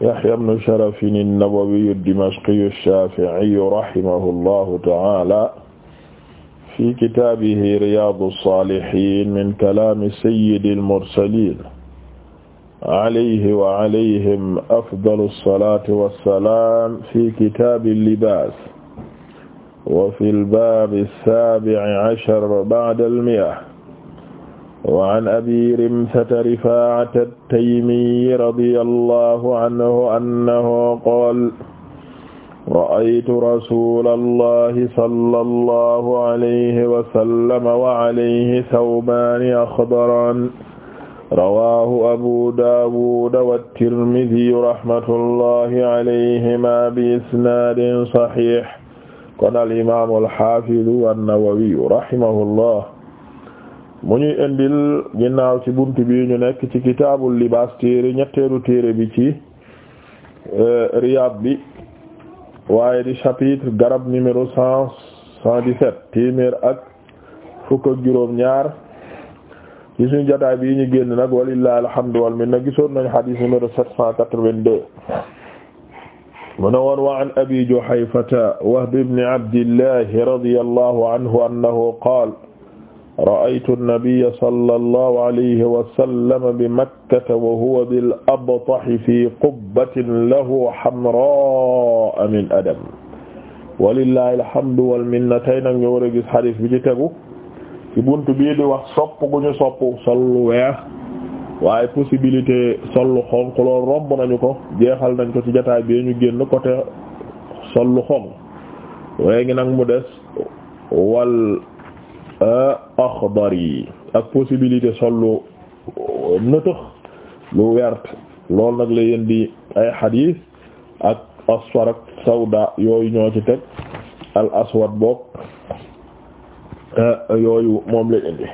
يحيى بن شرف النووي الدمشقي الشافعي رحمه الله تعالى في كتابه رياض الصالحين من كلام سيد المرسلين عليه وعليهم أفضل الصلاة والسلام في كتاب اللباس وفي الباب السابع عشر بعد المئة waan abi rimsata rifaata taymiyi radiya allahu anhu annahu qaala ra'aytu rasula allahi salla allahu alayhi wa sallama wa alayhi thawbaani axdaraan rawaahu abu daawuda wat-tirmidhi rahmatullahi alayhima bi isnaadin saxiix kon al imaamu al-xaafidu an-nawawi rahimahullah mu ñuy indil ginnaaw ci buntu bi ñu nekk ci kitaabul libaas téere ñetteelu téere bi ci euh, Riyad bi waaye di chapitre garab numéro cent cent dix ak fukk ak juróom ñaar ci suñu jotaay bi ñu génn nag walillahi alhamdu wal minna gisoon nañu hadith numéro sept cent quatre-vingt-deux wa an abi Juhayfata Wahb ibn Abdillah radiyallahu anhu annahu qaala ra'aytu nabiyya sallallahu alayhi wa sallam bi makkata wa huwa bil abtahi fi qubbatin lahu hamraa min adam walillahi alhamdu wal minna tey nag ñu war a gis xadis bi ci tegu ci buntu bii di wax sopp gu ñu sopp sollu weex waaye possibilité sollu xonq lool romb nañu ko jeexal nañ ko ci jotaay bi ñu génn côté sollu xonq léegi nag mu des wal yi ak possibilité lu euh, nëtëx lu wert loolu nag la yeen di ay xadiis ak aswar ak sawda yooyu ñoo ci teg al aswad boog euh, yooyu moom la indi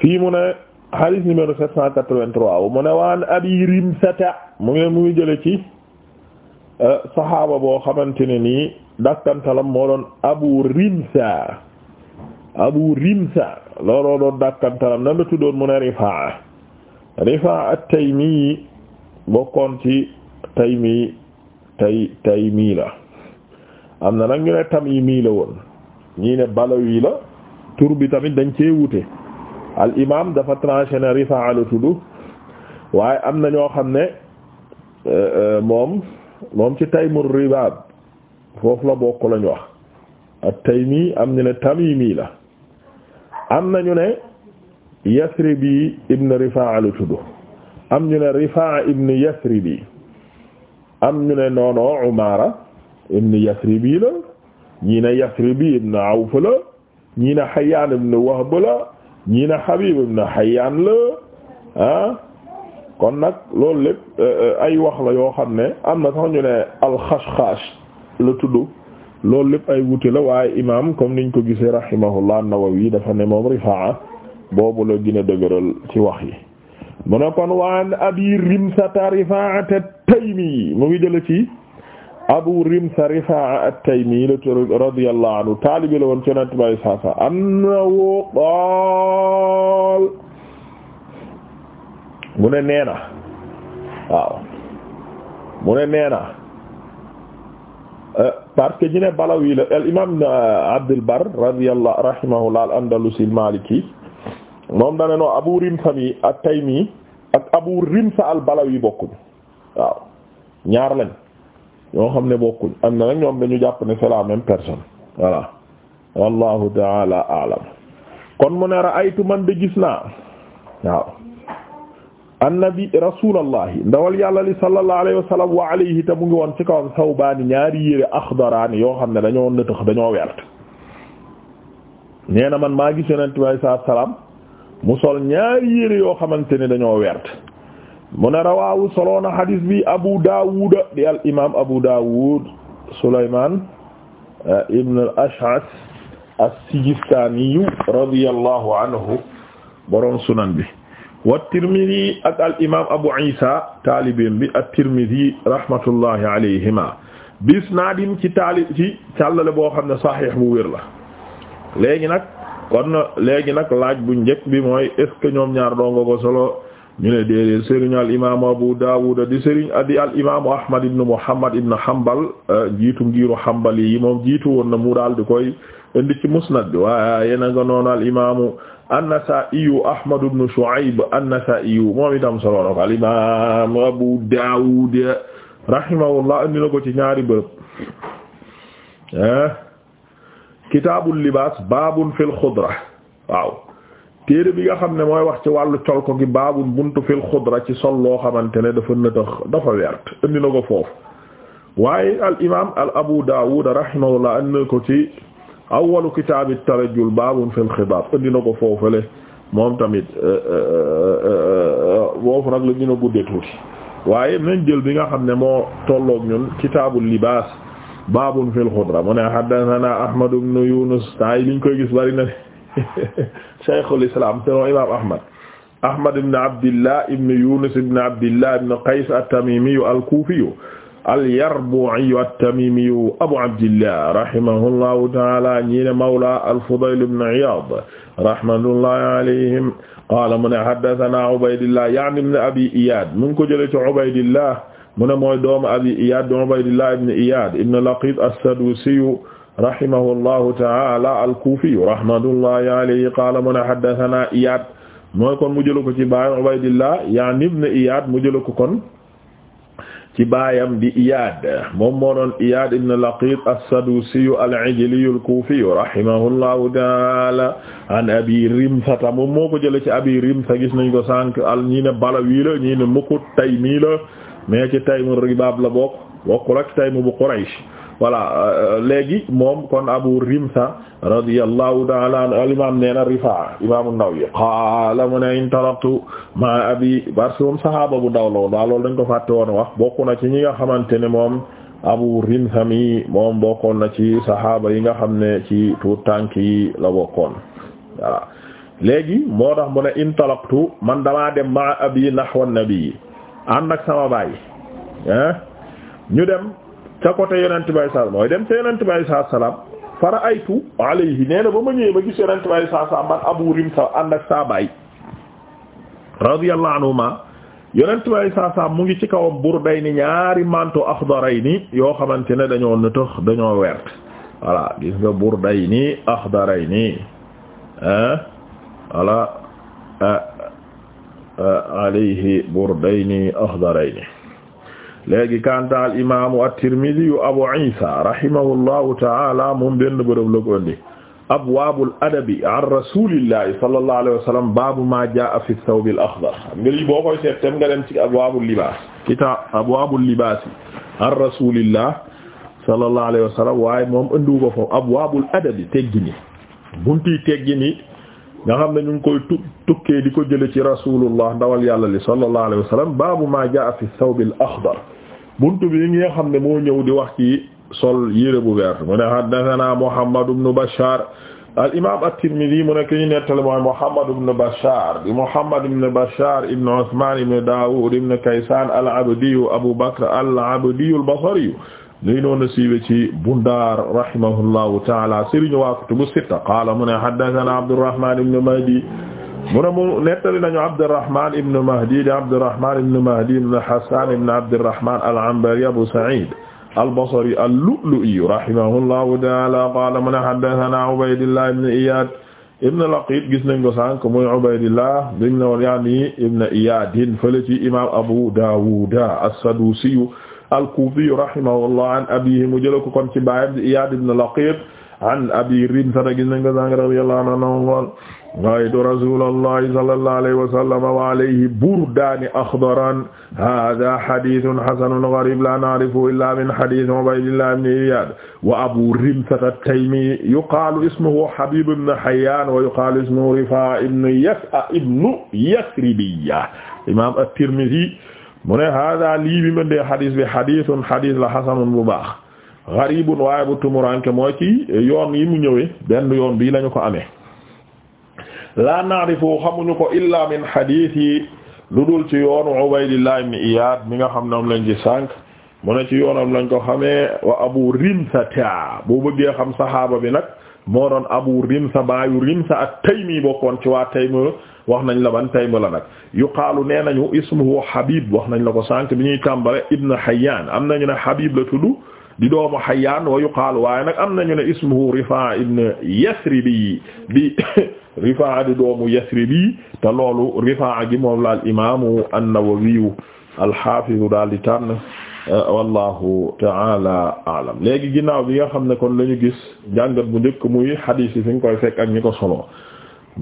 fii mu ne xadiis numéro sept cent quatre-vingt-trois mu ne waan abi rimsata mu ngi mu ngi jële ci euh, saxaaba boo xamante ne nii dakkantalam moo doon abu rimsa abu rimsa looloo doon dàkkantaram nan la tuddoon mu ne rifaa rifaa at-taymi bokkoon ci taymi tay taymi la am na nag ñu ne tamimi la woon ñii ne balawi la tur bi tamit dañ cee wute al imam dafa tranché ne rifaa la tudd waaye am na ñoo xam ne euh, euh, moom moom ci taymur ribaab foofu la bokk lañu wax at-taymi am ñu ne tamimi la am na ñu ne yasribi ibn rifaa la tudd am ñu ne rifaa ibn yasribi am ñu ne noono umara ibn yasribi la ñii ne yasribi ibn awf la ñii ne xayaan ibn wahb la ñii ne habib ibn xayaan la ah kon nag loolu eh, eh, ay wax yoo xam ne am na sax ñu ne alxashxash la tudd loolu lépp ay wute la waaye imaam comme niñ ko gisee rahimahullah Nawawi dafa ne moom rifaa boobu la gën a ci wax yi mu ne kon waan abi rimsata rifaa at-taymi mu ngi jële ci abu rimsa rifaa at-taymi la tur radiyallahu anhu ci yonent bay qaal mu ne neena waaw mu ne neena parce que ñu ne Balawi la al imaam Abdul Bar radiyallahu rahimahullah al andalusi al maliki moom dana noo Abu Rimsa mi ak Taymi ak Abu Rimsa al Balawi bokkuñ waaw ñaar lañ ñoo xam ne bokkuñ am na nag ñoom dañu jàpp ne c'est la même personne wallahu taala alam kon mu ne ra'aytu man de gis naa waaw annabi rasulallahi ndawal yàlla li sallallahu alayhi wa sallam wa alayhi te mu ngi woon ci kawam sawbaani ñaari yére axdaraani yoo xam ne dañoo nëtëx dañoo wert nee na man maa gis yonent bi saa salaam mu sol ñaari yére yoo xamante ne dañoo wert mu ne rawaawu soloona hadis bi Abu Daawud di al imaam Abu Daawud Souleymane eh, Ibn al-Ash'ath as anhu borom sunan bi. wa Tirmidhi ak al Abu Isa taalibeen bi ak Tirmidhi rahmatullahi alayhima bisnaadin ci taali ci càllale boo xam ne saxiix bu wér la léegi nag kon léegi nag laaj bu njëkk bi mooy est ce ñoom ñaar doonga ko ñu ne déedéet sëriñu al imaamu Abu Daawuda di Ahmad ibn Muhammad ibn Hanbal euh, jiitu ngiiru Hanbali yi moom jiitu woon na mu daal di koy indi musnad bi waaye na nga noonu al an-Nasaa'iyu Ahmad ibn Shu'ayb an-Nasaa'iyu moom itam solo na ko al-imaam Abu Daawud rahimahullah indi na ko ci ñaari bërëb ah kitaabul libaas baabun fil xudra waaw téere bi nga xam ne mooy wax ci wàllu col ko gi bunt buntu fil xudra ci sol loo xamante ne dafa nëtëx dafa wert indi na ko foofu waaye al imaam al Abu Daawud rahimahullah indi na ko awwalu kitaabi tarajjul baabun fil xidaab indi na ko foofule moom tamit euh, euh, euh, foofu nag la guddee tuuti waaye nañ jël bi nga xam ne moo tolloog ñun kitaabul libaas baabun fil xudra mu ne haddasanaa Ahmad ibn Yunus temps koy gis bari na Shaykhul Islam selon Imaam Ahmad Ahmad ibn Abdillah ibn Yunus ibn Abdillah ibn Qays at-Tamimi al-Kufi al-Yarbu'i at-Tamimi Abu Abdillah rahimahullahu ta'ala ñi ne mawla al-Fudayl ibn Iyad rahmatullahi alayhim qaala mu ne haddathana Ubaydillah ya'ni ibn Abi Iyad mu ngi ko jëlee ci Ubaydillah mu ne mooy doomu Abi Iyad Ubaydillah ibn Iyad ibn Laqit as-Sadusi rahimahullahu ta'ala al-Kufi rahmatullahi alayhi qaala mu ne haddathana Iyad mooy kon mu jëlee ko ci baay Ubaydillah ya'ni ibn Iyad mu jëlee ko kon ci baayam bi Iyaad moom moo doon Iyaad ibn Laqit as-Sadusi al-Ijli al-Kufi rahimahullahu ta'ala an Abi Rimsata moom moo ko jëlee ci Abi Rimsa gis nañ ko sànq al ñii ne Balawi la ñii Mukut Taymi la mais ci Taymu Ribaab la bokk bokkul ak Taymu bu Quraysh voilà euh, léegi moom kon abu rimsa radiyallahu ta'ala anhu al imam nee na rifaa imam an-Nawawi qaala mu ne in ma abi parce que moom bu ndaw la woon waaw loolu ko fàtte woon wax bokku na ci ñi nga xamante ne moom abu rimsa mi moom bokkoon na ci sahaaba yi nga xam ne ci tuut tànk yi la bokkoon voilà léegi moo tax mu ne in man damaa dem ma abi nahwa nabi ànd ak sama baay ñu dem ca côté yonent bi saa mooy dem ca yonent bi saa salaam fara aytu alayhi nee na ba ma ñëwee ba gis yonent bi saa salaam man abu rimsa ànd ak saa baay radiyallahu anhuma yonent bi saa salaam mu ngi ci kawam burday ni ñaari manto axdaray ni yoo xamante ne dañoo nëtëx dañoo wert voilà gis nga burday ni axdaray ni ah voilà euh, euh, alayhi burday ni axdaray ni léegi kanta al imaamu at-Tirmidhi yu Abu Isa rahimahullahu ta'ala moom benn bërëb la ko indi abwaabul adabi an rasulillahi sallallahu alayhi wa sallam baabu ma jaa fi thawb al-akhdar nga lii boo koy seet tam nga dem ci abwaabul libaas kitaab abwaabul libaas an rasulillahi sallallahu alayhi wa sallam waaye moom ëndiwu ko foofu abwaabul adabi teggini bunti teggini nga xam ne ñu ngi koy tu tukkee di ko jële ci rasulullah ndawal yàlla li sallallahu alayhi wa sallam baabu ma jaa fi thawb al-akhdar buntu bi nga xam ne moo ñëw di wax ci sol yére bu vert mu ne haddathana Muhammad ibn Bashar al imaam at-Tirmidhi mu ne ki ñu nettali mooy Muhammad ibn Bashar di Muhammad ibn Bashar ibn Uthman ibn Dawud ibn Kaysan al-Abdi Abu Bakr al-Abdi al-Basri lii noonu siiwee ci Bundaar rahimahullahu ta'ala sëriñ waa kutubu sitta qaala mu ne haddathana Abdurrahman ibn Mahdi mu ne mu nettali nañu Abdurrahman ibn Mahdi di Abdurrahman ibn Mahdi ibn Hassan ibn Abdurrahman al-Anbari Abu Sa'id al-Basri al-Lu'lu'i rahimahullahu ta'ala qala mu ne haddathana Ubaydillah ibn Iyad ibn Laqit gis nañ ko sànq muy Ubaydillah bimu ne woon yaani ibn Iyadin fële ci imam Abu Dawud as-Sadusi al-Kufi rahimahullah an abihi mu jëla ko kon ci baayam di Iyad ibn Laqit an abi Rimsata gis nañ ko sànq radiyallahu anhu gaytu rasulallahi sallallahu alayhi wa sallam wa alayhi burdaani axdaraan haaza hadiisun hasanun gariib laa na'rifu illaa min hadiisi Ubaydillah ibn Iyaad wa Abuu Rimsata at-Taymi yuqaalu ismuhu Habiib ibn Hayyaan wa yuqaalu ismuhu Rifaa ibn Yas'a ibn Yasribiyya imaam at-Tirmidhi mu ne haaza lii bi ma dee hadiis bi hadiisun hadiis la hasanun bu baax gariibun waaye bu tumuranke mooy ci yoon yi mu ñëwee benn yoon bii lañu ko amee laa la na'rifu xamuñu ko illa min hadith yi lu dul ci yoonu Ubaydillah ibn Iyad mi nga xam ne am lañ ci sànq mu ne ci yoonam lañ ko xamee wa Abu Rimsata boo bëggee xam saxaaba bi nag moo doon Abu Rimsa baayu Rimsa at-Taymi bokkoon ci waa Taym wax nañ la ban Taym la nag yuqaalu nee nañu ismuhu Habib wax nañ la ko sànq bi ñuy tàmbale Ibn Hayyan am nañu ne Habib la tudd di doomu Hayyan wa yuqaalu waaye nag am nañu ne ismuhu Rifaa ibn Yasribi bi Rifaa di doomu Yasrib bi te loolu Rifaa gi moom la al imaamu an-Nawawi al-Haafiz daal di tànn eh, wallahu taala aalam léegi ginnaaw bi nga xam ne kon lañu gis njàngat bu njëkk muy xadiis yi fi nga koy fekk ak ñi ko solo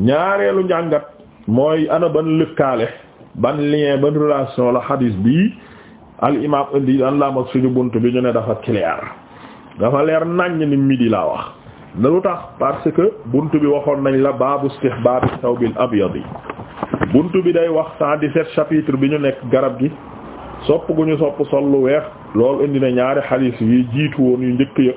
ñaareelu njàngat mooy ana ban lëkkaale ban lien ban relation la xadiis bi al imaam indi an mag suñu bunt bi ñu ne dafa clair dafa leer naññ ni midi laa wax na lu tax parce que bunt bi waxoon nañ la baabu istihbaabi sawbil abyadi bunt bi day wax cent dix chapitre bi ñu nekk garab gi sopp gu ñu sopp sol lu weex loolu indi ne ñaari xadiis yi jiitu woon yu njëkk ya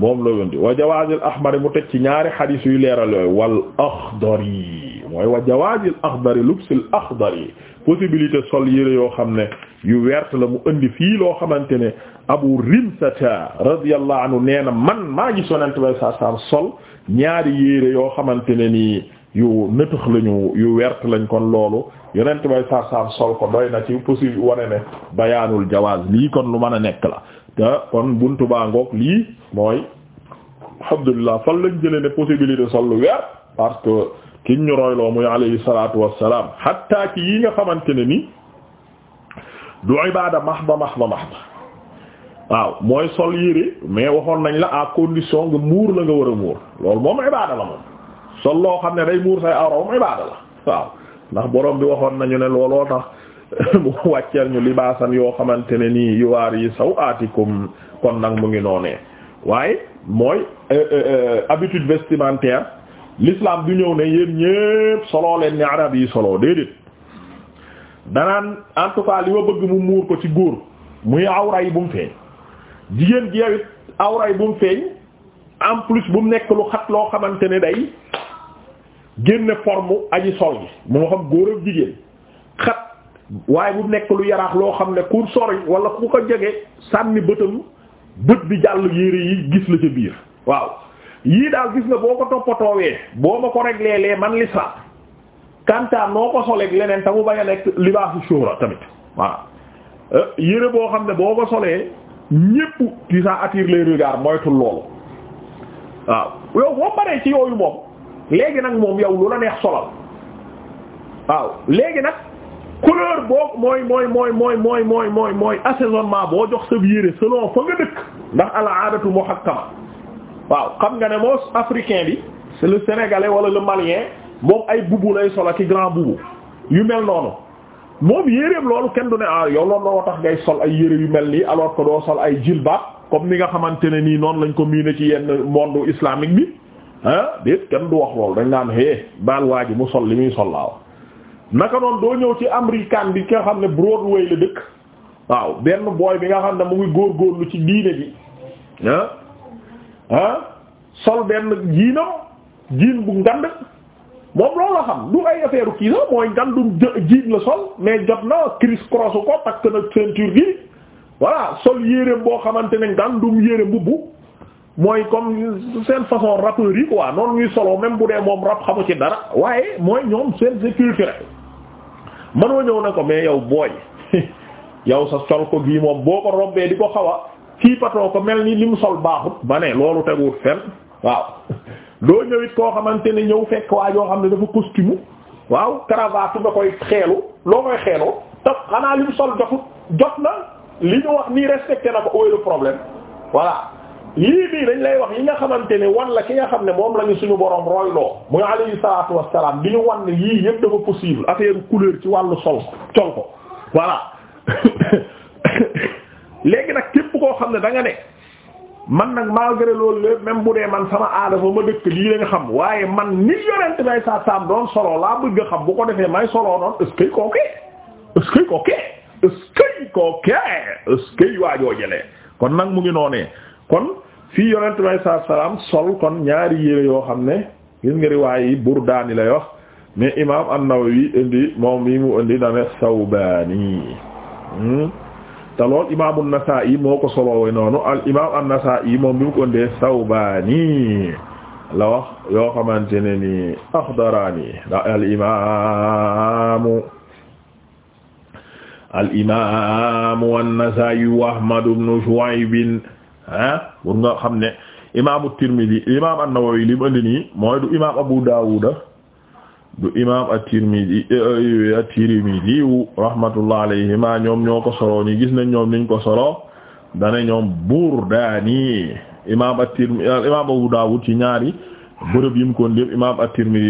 moom la wëndi wa jawaazil ahmari mu teg ci ñaari xadiis yu leeral yooyu wal axdari mooy wa jawaazil axdari lubsil axdari possibilité sol yére yoo xam ne yu wert la mu indi fii loo xamante ne abu rimsata radiyallahu anhu nee na man maa gis yonent bay saa saam sol ñaari yére yoo xamante ne nii yu nëtëx lañu yu wert lañ kon loolu yonent bay saa saam sol ko doy na ci possible wane ne bayaanul jawaaz lii kon lu mën a nekk la te kon buntu baa ngoog lii mooy alhamdulillah fan lañ jëlee ne possibilité sol lu wert parce que kiñ ñu royloo muy alayhi salaatu wassalaam hatta ki yi nga xamante ne ni du ibaada mahda mahda mahda waaw mooy sol yére mais waxoon nañ la à condition nga muur la nga war a muur loolu moom ibaada la moom sol loo xam ne day muur say awra moom ibaada la waaw ndax borom bi waxoon nañu ne looloo tax mu wàcceel ñu libaasan yoo xamante ne nii waar yi saw aatikum kon nag mu ngi noonee waaye mooy euh, euh, euh, habitude vestimentaire l'islam du ñëw ne yéen ñépp solo leen ni arab yi solo déedéet danaan en li ma bëgg mu muur ko ci góor muy awra yi bu mu feeñ jigéen jeewit awra yi bu mu feeñ en plus bu mu nekk lu xat loo xamante ni day génne forme aji sol bi moo xam góor ak jigéen xat waaye bu nekk lu yaraax loo xam ne ku sori wala ku ko jege sànni bëtam bët bi jàll yére yi gis la ca biir waaw yii daal gis nga boo ko toppatoowee boo ma ko réglé lee man l'islam kanta noo ko soleeg leneen te mu bañ nekk libaasu shura tamit voilà euh, yére boo xam ne boo ko solee ñépp ci ça attire les regards moytul loolu waaw yow boo paree ci yooyu moom léegi nag moom yow lu la neex solal waaw léegi nag couleur boo mooy mooy mooy mooy mooy mooy mooy mooy boo jox sa yére selon fa nga dëkk ndax al aadatu muhakkama waaw xam nga ne moo africain bi c'est le sénégalais wala le malien moom ay bubu lay sol ak i grand bubu yu mel noonu moom yéreem loolu kenn du ne ah yow loolu moo tax ngay sol ay yére yu mel nii alors que doo sol ay jilbaab comme ni nga xamante ne nii noonu lañ ko miine ci yenn monde islamique bi ah déet kenn du wax loolu dañ naan hé baal waa ji mu sol li muy sol laaw naka noonu doo ñëw ci américain bi ki nga xam ne Broadway la dëkk waaw benn booy bi nga xam ne mu ngi góorgóorlu ci diine bi ah sol benn jiinam jiin bu ngand moom loolu la xam du ay affaire kii sax mooy ngandum jiin la sol mais jot na criss cross ko takk na ceinture gi waa sol yéreem boo xamante ne ngandum yére mbubb mooy comme seen façon rappeurs yi quoi noonu ñuy solo même bu dee moom rap xamu ci dara waaye mooy ñoom seen sécurité rek mënoo ñëw na ko mais yow booy yow sa sol ko gii moom boo ko robbee di ko xaw a kii patoo ko mel ni li mu sol baaxut ma ne loolu teguwul fen waaw doo ñëwit koo xamante ne ñëw fekk waa yoo xam ne dafa costume waaw cravate nga koy xeelu loo koy xeeloo te xanaa li sol jotut jot na li ñu wax nii respecté na ko oy problème voilà lii bii dañ lay wax yi nga xamante ne wan la ki nga xam ne moom la ñu suñu borom royloo muy alayhi salaatu wassalaam bi ñu wan ne yii yëpp dafa possible affaire couleur ci wàllu sol col ko voilà léegi xam ne da nga ne man nag malgré loolu lépp même bu dee man sama aada fa ma dëkk lii la nga xam waaye man ni yonent bay sa saam doon solo laa bëgg a xam bu ko defee may solo noonu est-ce que kooke est-ce que kooke jëlee kon nag mu ngi noonee kon fii yonent bay sa sol kon ñaari yére yoo xam ne gis nga riwaay yi burdaani lay wax mais imaam an-Nawawi indi moom mi mu indi dane sawbaani hmm? te lool imaam an-Nasaa'i moo noonu al imaam an-Nasaa'i moom bi mu ko ndee Sawbaani la wax yoo xamante ne ni axdaraani da al imaamu al imaamu an-Nasaa'i wa Ahmad ibn Shu'ayb ah pour nga xam ne imaamu imaam an-Nawawi li mu indi nii du imaam Abu Daawuda du imaam at-Tirmidhi euh, at-Tirmidhi rahmatullah alayhima ñoom ñoo ko solo ñi gis nañ ñoom niñ ko solo dane ñoom Burdaani imaam euh, Abu Dawud ci ñaari bërëb yim ko ndépp imaam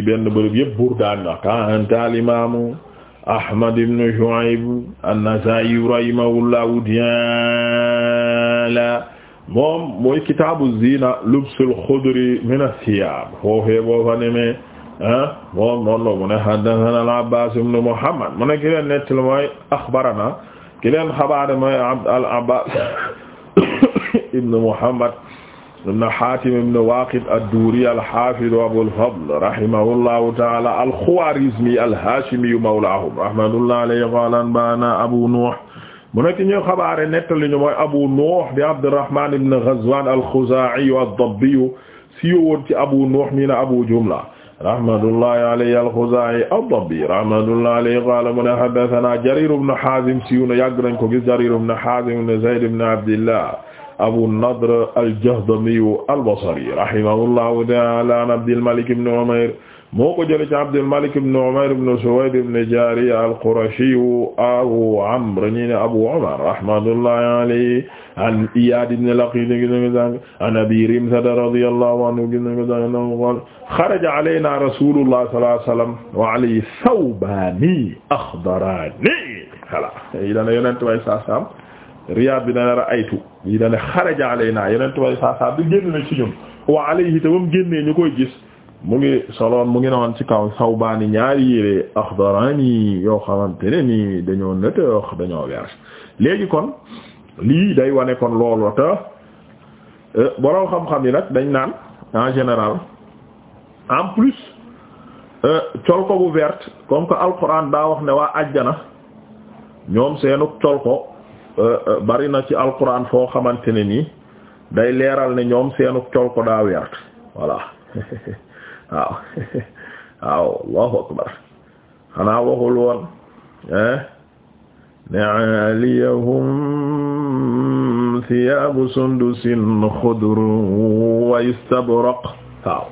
benn bërëb yëpp Burdaani la kaanta al-imaam Ahmad ibn Shu'ayb an-Nasaa'i rahimahullahu ta'ala moom mooy kitaabu zina lubsul xudri min as-siyaab foofee boo fa moom noonu la mu ne haddathana al-Abbaas ibn Muhammad mu ne ki leen nettali mooy axbarana ki leen xabaare mooy al-Abbaas ibn Muhammad ibn Haatim ibn Waaqid ad-Duuri al-Haafiz Abul Fadl rahimahullahu ta'aala al-Khawaarizmi al-Haashimi mawlaahum rahmatullahi alayhi qaala anba'anaa Abu Nuh mu nekk ñu xabaare nettali ñu mooy Abu Nuh di Abdurrahmaan ibn Ghazwaan al-Khuzaa'i ad-Dabbi siiwoon ci Abu Nuh mi na Abu Jumla rahmatullahi alayhi al-Khuzaa'i ad-Dabbi rahmatullahi alayhi qaala mu ne haddathanaa Jariir ibn Haazim siiw na yàgg nañ ko gis Jariir ibn Haazim ibn Zayd ibn Abdillah Abu Nadr al-Jahdami al-Basri rahimahullahu ta'aala an Abdil Malik ibn Umayr moo ko jëlee ci Abdulmalik ibn Umayr ibn Suwayd ibn Jariya al-Qurashi Abu Amr ñi ne Abu Umar rahmatullahi alayhi an Iyad ibn Laqit gis nga sànq an Abi Rimsata radiyallahu anhu gis nga sànq qaala xaraja alaynaa Rasulullah sallallahu alayhi wa sallam wa alayhi thawbaani axdaraani voilà yi dana yonent way saasaam Riyad bi dana ra'aytu yi dana xaraja alaynaa yonent way saasaam bi génn na ci ñun wa alayhi te ba mu génnee ñu koy gis. mu ngi soloon mu ngi noon ci kaw saw sawbaani ñaari yére axdaraani yoo xamante nii ni dañoo nëtë dañoo weer léegi kon lii day wane kon loolu te euh, borom xam-xam yi nag dañ naan en général en plus euh, col ko bu vert comme que alquran daa wax ne waa àjjana ñoom seenu col ko euh, bari na ci alquran foo xamante ne nii day leeral ne ñoom seenu col daa vert voilà waaw waaw allahu akbar xanaa waxul woon eh? ne aliyahum thiyaabu sundusin xudur wa istabraq waaw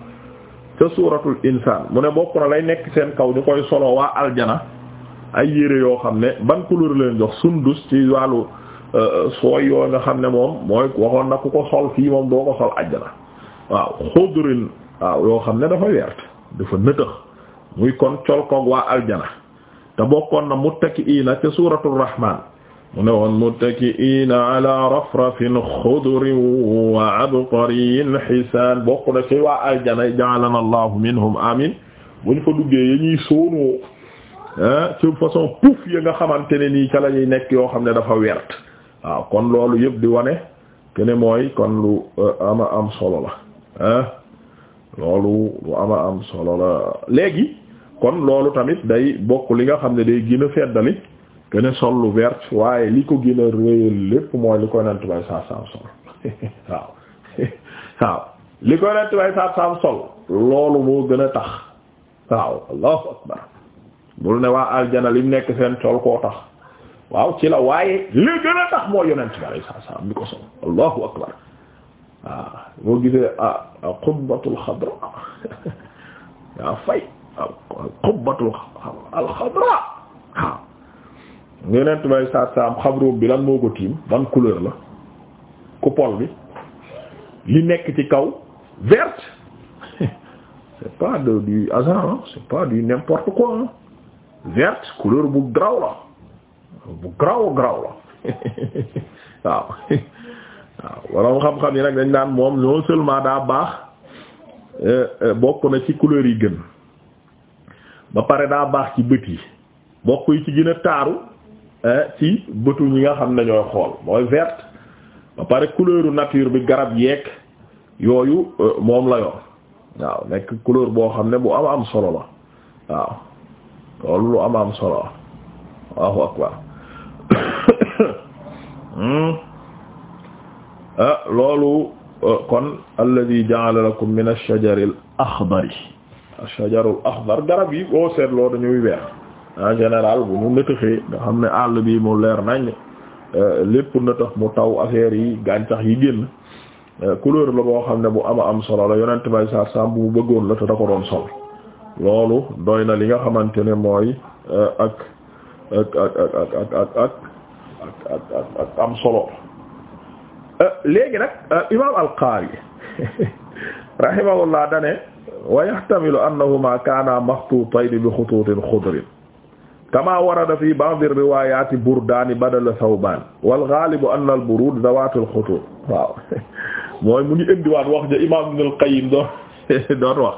ca suuratul insaan mu ne bokk na lay nekk seen kaw ñu koy solo waa aljana ay yére yoo xam ne ban couleur leen jox sundus ci wàllu euh, sooy yoo nga xam ne moom mooy waxoon na ku ko sol fii moom doo ko sol aljana waaw xudurin waaw yoo xam ne dafa wert dafa nëtëx muy kon colkoog waa aljana te bokkoon na muttaki'iina ca suuratu rahmaan mu ne woon muttaki'iina ala rafrafin xudurin wa abqariyin xisaan bokk na ci waa aljana ja'alana allahu minhum amin buñ fa duggee ya ñuy sóonoo ah, ci façon puuf ya nga xamante ne nii ca la nekk yoo xam ne dafa wert waaw kon loolu yëpp di wane kene mooy kon lu euh, ama am solo la ah. loolu lu ama am solo la léegi kon loolu tamit day bokk li nga xam ne day gën a feddali que sol lu wert waaye li ko gën a réyal lépp mooy li koy nant bay saat saam sol loolu moo gën a tax waaw allahu akbar bul ne waa aljana lim nekk seen sol koo tax waaw ci la waaye li gën a tax mooy yonent bi alay saat saam ko sol allahu akbar waaw boo gisee ah, ah qubbatul xadra yaa fay qubbatul alxadra waaw yeneen tubay saat saam bi lan moo ko tiim ban couleur la coupole bi li nekk ci kaw verte c'est pas de du hasard c'est pas du n'importe quoi hein verte couleur bu graw la bu graw graw la waaw waaw waroon xam-xam yi nag dañ naan moom non seulement daa baax euh, euh, bokk na ci couleur yi gën ba pare daa baax ci bët yi bokk yi ci gën a taaru euh, ci bëtu ñi nga xam ne ñooy xool mooy vert ba pare couleuru nature bi garab yeeg yooyu moom la yor waaw nekk couleur boo xam ne bu am am solo la waaw loolu lu am am solo loolu kon alladi ja'ala lakum min ash-shajari al-akhdari ash-shajaru al-akhdar garab yi boo seetloo dañuy weex en général bu ñu nëtëxee nga xam ne àll bi mu leer nañ lépp nëtëx mu taw affaire yi gàncax yi génn couleur la boo xam ne bu ama am solo la yonent bay sar sam bu mu bëggoon la te da ko doon sol loolu doy na li nga xamante ne mooy ak ak ak ak ak ak ak ak ak am solo Euh, léegi nag euh, imaam al-Qaari rahimahullah dane wa yahtamilu annahuma kaana maxtuutayni bi xutuutin xudrin kama warada fi ba'd riwaayaati burdaani badala sawbaan wal anna al-buruud zawaatul xutuut waaw mooy mu ngi indiwaat wax ja imaam Ibn al-Qayyim doon wax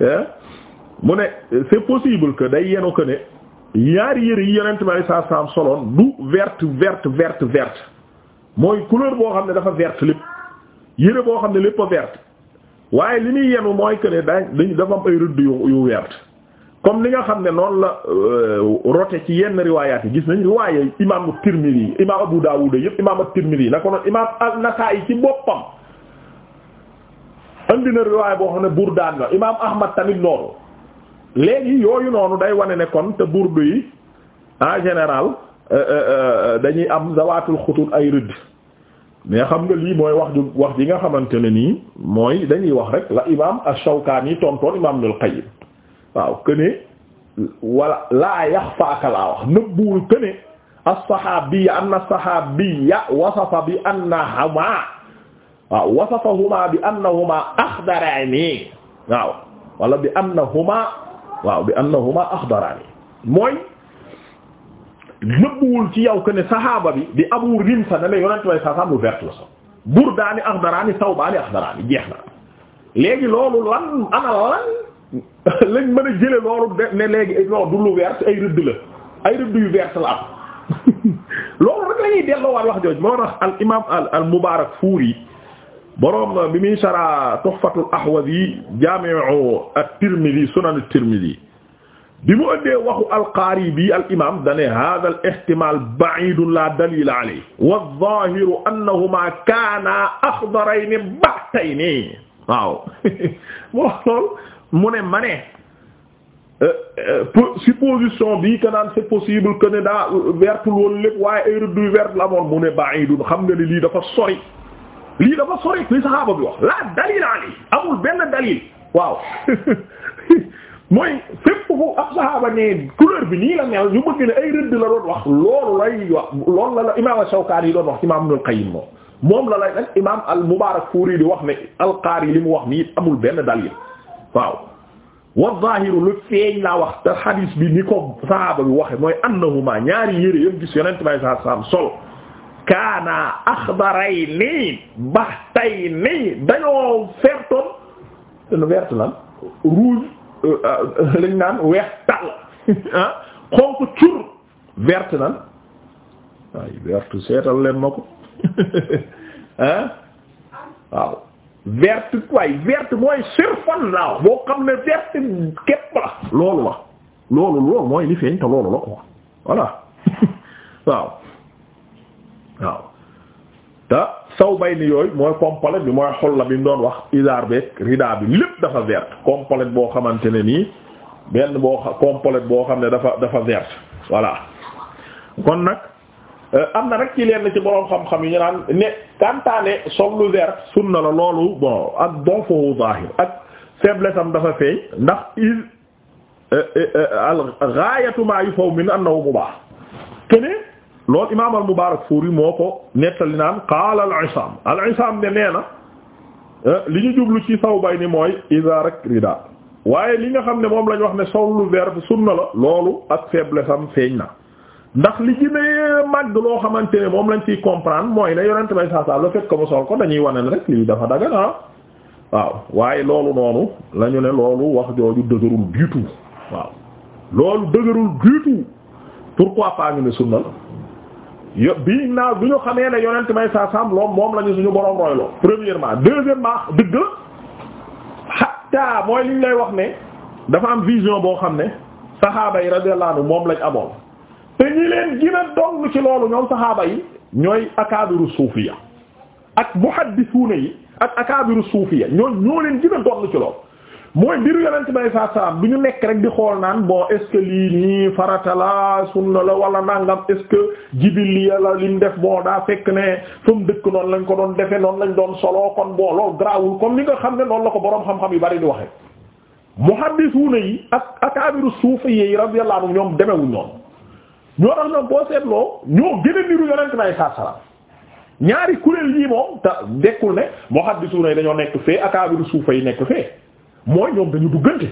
eh? mu ne c'est possible que day yenu que ne ñaari yëre yi yonent bi sallallahu soloon du verte verte verte verte mooy couleur boo xam ne dafa verte lépp yére boo xam ne lépp a verte waaye li muy yenu mooy que ne dañ dafa ay rëdd yu yu verte comme li nga xam ne noonu la euh, rote ci yenn riwaayaat yi gis nañ riwaaya imaamu yi imaam Abu Dawud yëpp imaam at yi na ko noonu imaam an yi ci boppam andi na riwaaya boo xam ne buur Burdaan la imaam Ahmad tamit noonu léegi yooyu noonu day wane ne kon te burdu yi en général Euh, euh, euh, dañuy am zawaatul xutut ay rëdd mais xam nga lii mooy wax wax ji nga xamante ne nii mooy dañuy wax rek la imaam ash-Shawkaani tontoon imaam Ibnul Qayyim waaw këne wala laa yaxfaaka laa wax nëbbuwul këne as-saxaabiya anna as-saxaabiya wasafa bi annahumaa waaw wasafahumaa bi annahumaa axdaraani waaw wala bi annahumaa waaw bi annahumaa axdaraani mooy ci yow ne saxaaba bi di abu rimsa ne la la sax burdaani axdaraani sawbaani axdaraani jeex na léegi loolu lan ana lan lañ ay rëdd yu verte la am loolu rek la ñuy delloowaat wax jooj moo al imam al al fuuri boroom bi muy sara tuhfatul ahwazi jaami'u at-tirmidhi sunan at-tirmidhi bi mu ëndee waxu alqaari bi al imam dane hada al ihtimal ba'idun la dalila alayhi wa zahiru annahuma kaana axdarayn baxtayn waaw moo lool mu ne ma ne euh, euh, supposition bi que naan c'est possible que ne daa euh, vertul woon lépp waaye ay rëdd yu vert la amoon mu ne ba'idun xam nga ne lii dafa sori lii dafa sori li saxaaba bi wax la dalil alayhi amul benn dalil waaw mooy fépp fu ab saxaaba ne couleur bi nii la mel ñu bëgg ay rëdd la doon wax loolu lay wax loolu la la imaam Shawkaani yi doon wax imaam Ibnul Qayyim moom moom la lay nag imaam al-Mubaarakfuuri di wax ne al-Qaari li mu wax nii amul benn dalil waaw wa laa wax te xadiis bi ni ko saxaaba bi waxe mooy ma ñaari yére yam gis yonent bay sa saam solo kaana axdarayni bahtayni dañoo fertoon ten vert lan Euh, euh, lañ naan weex tàll ah xonk cur nan waaye verte seetal leen ma ko ah waaw verte waaye verte mooy sirfan laaw boo xam ne verte képp la loolu la loolu loolu mooy li feeñ te loolu la quoi voilà waaw waaw te saw bay ni yooyu mooy complet bi mooy xol la bi mu doon wax isaar beeg rida bi lépp dafa vert complet boo xamante ne nii benn boo complet boo xam ne dafa dafa vert voilà kon nag euh, am na rek ci leen ci boroom xam-xam yi ñu naan ne kantaane sol lu vert sunna la loolu bon ak don foowu ak faiblesse am dafa feeñ ndax il euh, euh, al ghayatu ma yufaw min annahu mubah kene loolu imaam al-Mubaarakfuuri moo ko nettali naan qaala al-Isaam al-Isaam ne nee na eh, li ñu jublu ci sawbay ni mooy izar rek rida waaye li nga xam ne moom la wax ne sol lu vert sunna la loolu ak faiblesse am feeñ na ndax li gën a loo xamante ne moom lañ ciy comprendre mooy ne yonent bay saasaam la fekk ko mu sol ko dañuy wane rek lii dafa dagan ah waaw waaye loolu noonu lañu ñu ne loolu wax jooju dëgërul du tout waaw loolu dëgërul du tout pourquoi pas ñu ne sunna yo bii naaw bi ñu xamee ne yonent may sa sam loom moom la ñu suñu borom royloo premièrement deuxièmement dëgg la hatta mooy liñ lay wax ne dafa am vision boo xam ne saxaaba yi radiyallahu anhu moom lañ amoon te ñi leen gën a dong ci loolu ñoom saxaaba yi ñooy akaabiru suufiya ak muhaddisuuna yi ak akaabiru suufiya ñoo ñoo leen gën a dong ci loolu mooy mbiru yonent bi saa salaam bi ñu nekk rek di xool naan bon est ce que lii nii farata la sunna la wala nangam est ce jibil li la lim def bon daa fekk ne fa mu dëkk noonu lañ ko doon defee noonu lañ doon solo kon bon loolu grawul comme li nga xam ne noonu la ko boroom xam-xam yu bari di waxee. muhaddisuuna yi ak akaabiru suufi yi radiyallahu anhum ñoom demewuñ noonu ñoo tax ñoom boo seetloo ñoo gën a niru yonent bi saa salaam ñaari kuréel yi moom te dekkul ne muhaddisuuna yi dañoo nekk fee akaabiru suufi yi nekk fee. mooy ñoom dañu duggante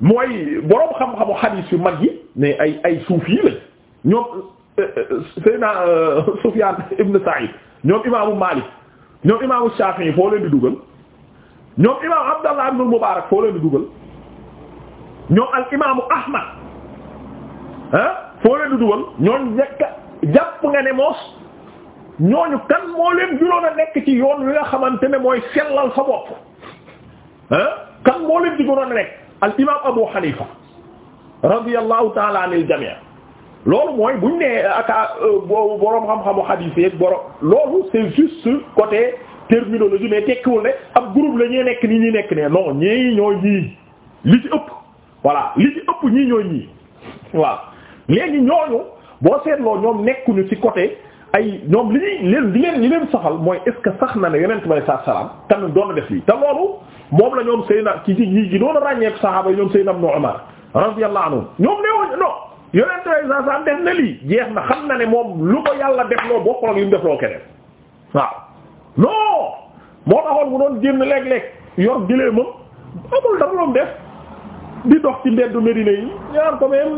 mooy boroom xam-xamu xadiis yu mag yi ne ay ay suufi lañ ñoom euh, euh, Seyna euh, Sufyaan ibn Sa'id ñoom imaamu Maalik ñoom imaamu Shaafi'i foo leen di dugal ñoom di dugal ñoom al imaamu Ahmad ah foo leen di dugal ñoom ñekk jàpp nga ne moos ñooñu kan moo leen juróon a nekk ci yoon wi nga xamante ne mooy sellal sa bopp kan moo leen ci gënoon rek al imam Abu Hanifa radiyallahu ta'ala anil jami' loolu mooy buñ nee aka euh, boroom xam-xamu hadith yeeg borom loolu c'est juste côté terminologie mais tekkiwul ne ab groupe la ñuy nekk ni ñuy nekk ne non ñii ñooy ñii li ci ëpp voilà li ci ëpp ñii ñooy ñii waaw léegi ñooñu boo seetloo ñoom nekkuñu ci côté ay ñoom li ñuy leen ñu leen li leen soxal mooy est ce que sax na ne yeneen bi sallallahu alayhi wasallam tamit doon def lii te loolu moom la ñoom Seydina ci ci ji gi doon ràññeek saxaaba yi ñoom Seydina Ibn Umar radiyallahu anhu ñoom neewoon non yonent way sa sa def na lii jeex na xam na ne moom lu ko yàlla def loo bokkul ak li mu def loo keneen waaw non moo taxoon bu doon génn léeg-léeg yor gileemam amul daf loom def di dox ci mbeddu Medina yi ñaan ko mais mu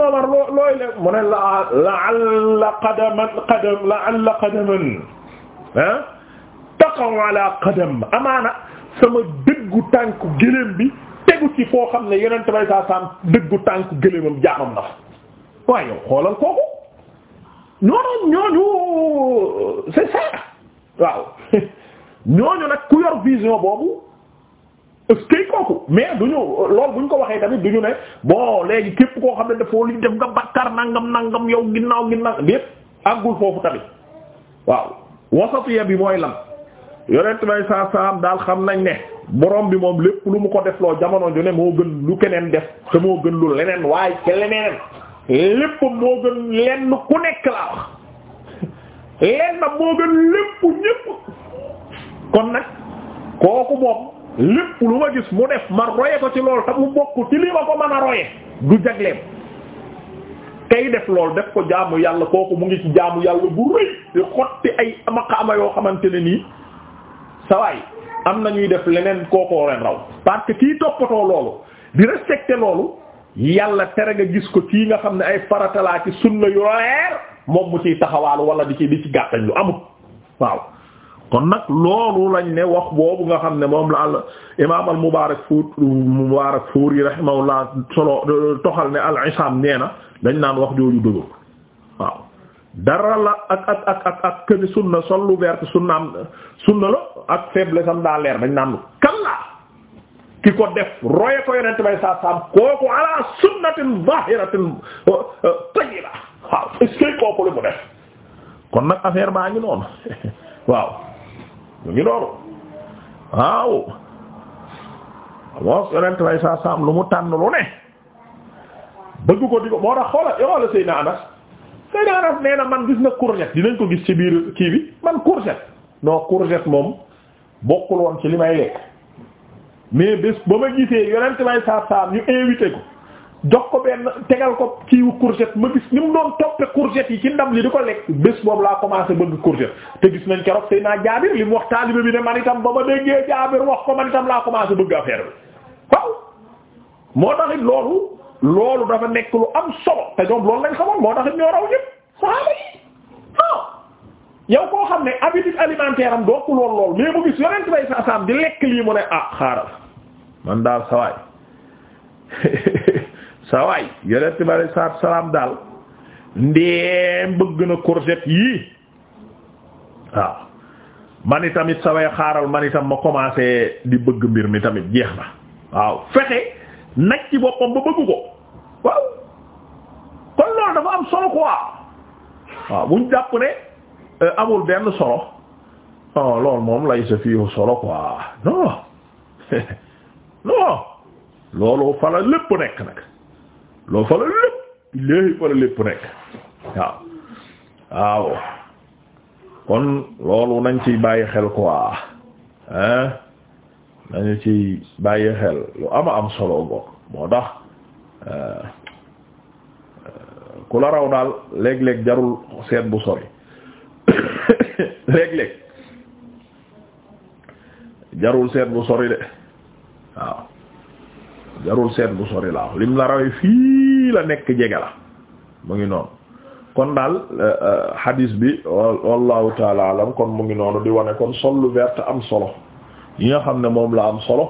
ne la la'alla qadaman qadam la'alla qadaman ah amaana sama dëggu tànk gëléem bi tegu ci foo xam ne yeneen bay saa saam dëggu tànku gëléemam jaaroon na fa waaye yow xoolal kooku ñooñu ñooñu c'est ça waaw ñooñu nag ku yor vision boobu est-ce que kooku mais duñu loolu buñ ko waxee tamit duñu ne bon léegi képp koo xam ne dafoo liñ def nga bakkar nangam nangam yow ginnaaw ginnaaw lépp àggul foofu tamit waaw wasatiya bi mooy lam yonent bay saa saam daal xam nañ ne borom bi moom lépp lu mu ko def loo jamono ju ne moo gën lu keneen def te moo gën lu leneen waaye te leneen lépp moo gën lenn ku nekk laa wax lenn moo gën lépp ñépp kon nag kooku moom lépp lu ma gis mu def ma roye ko ci loolu te mu bokk ci li ma ko mën a roye du jagleem kay def lool def ko jaamu yàlla kooku mu ngi ci jaamu yàlla bu rëy di xotti ay maqaama yoo xamante ne nii sawaay am na ñuy def leneen kookoo leen raw parce que kii toppatoo loolu di respecter loolu yàlla tere nga gis ko ci nga xam ne ay faratalaa ci sunna yu leer moom mu ciy taxawaalu wala di ci di ci gàttañ lu amut waaw kon nag loolu lañ ne wax boobu nga xam ne moom la al imaam al mubaarak fuur mubaarak fuur yi rahimahullah solo toxal ne al isaam nee na dañ naan wax jooju dëgër waaw dara la ak ak ak ak ak këni sunna sol lu vert sunna am sunna la ak faible sam daa leer dañ naan kan la ki ko def roye ko yonent bay saa saam kooku ala sunnatin zahiratin uh, uh, tayyiba waaw est-ce kooku li mu def kon nag affaire baa ngi noonu waaw ngi noonu waaw moos yonent bay saa saam lu mu tànn lu ne bëgg ko di ko moo tax xoola xoola Seydina Anas day daanam nee na man gis na courgette dinañ ko gis ci biir kii bi man courgette non courgette moom bokkul woon ci li may lekk mais bés ba ma gisee yonent may saab saab ñu invité ko jox ko benn tegal ko kiiwu courgette ma gis ni mu doon toppe courgette yi ci ndam li di ko lekk bés boobu laa commencé bëgg courgette te gis nañ keroog sëy naa jaabir li mu wax taalibe bi ne man itam ba ma déggee jaabir wax ko man itam laa commencé bëgg affaire bi waaw moo loolu loolu dafa nekk lu am solo te ñoom loolu lañ xamoon moo tax ñoo raw ñëpp saxaaba yow koo xam ne habitude alimentaire doo ko lool lool mais mu gis yonent bay sa saam di lekk lii mu ne ah xaaral man daal sawaay sawaay yonent bay sa salaam daal ndeem bëgg na courgette yii waaw man itamit sawaay xaaral man itam ma commencé di bëgg mbir mi tamit jeex na waaw fexe nag ci boppam ba bëgg ko waaw kon loolu dafa am solo quoi waaw buñ jàpp ne euh, amul benn solo non moom lay sa fiihu solo ko non non loolu fa la lépp nekk nag loolu fa la lépp léegi fa la nekk waaw waaw kon loolu nañ ci bàyyi xel quoi hein nañu ci bàyyi xel lu am am solo bokk moo tax Euh, euh, ku la raw daal léeg-léeg jarul seet bu sori léeg-léeg jarul seet bu sori de waaw jarul seet bu sori laa lim la rawee fii la nekk jege la mu ngi noonu kon daal xadiis euh, bi wallahu taala alam kon mu ngi noonu di wane kon sol lu vert am solo yi nga xam ne moom la am solo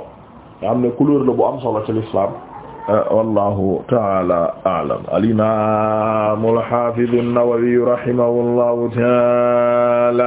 nga xam ne couleur la bu am solo ci l'islam Eh, wallahu taala aalam al imam al hafiz an-Nawawi rahimahullahu taala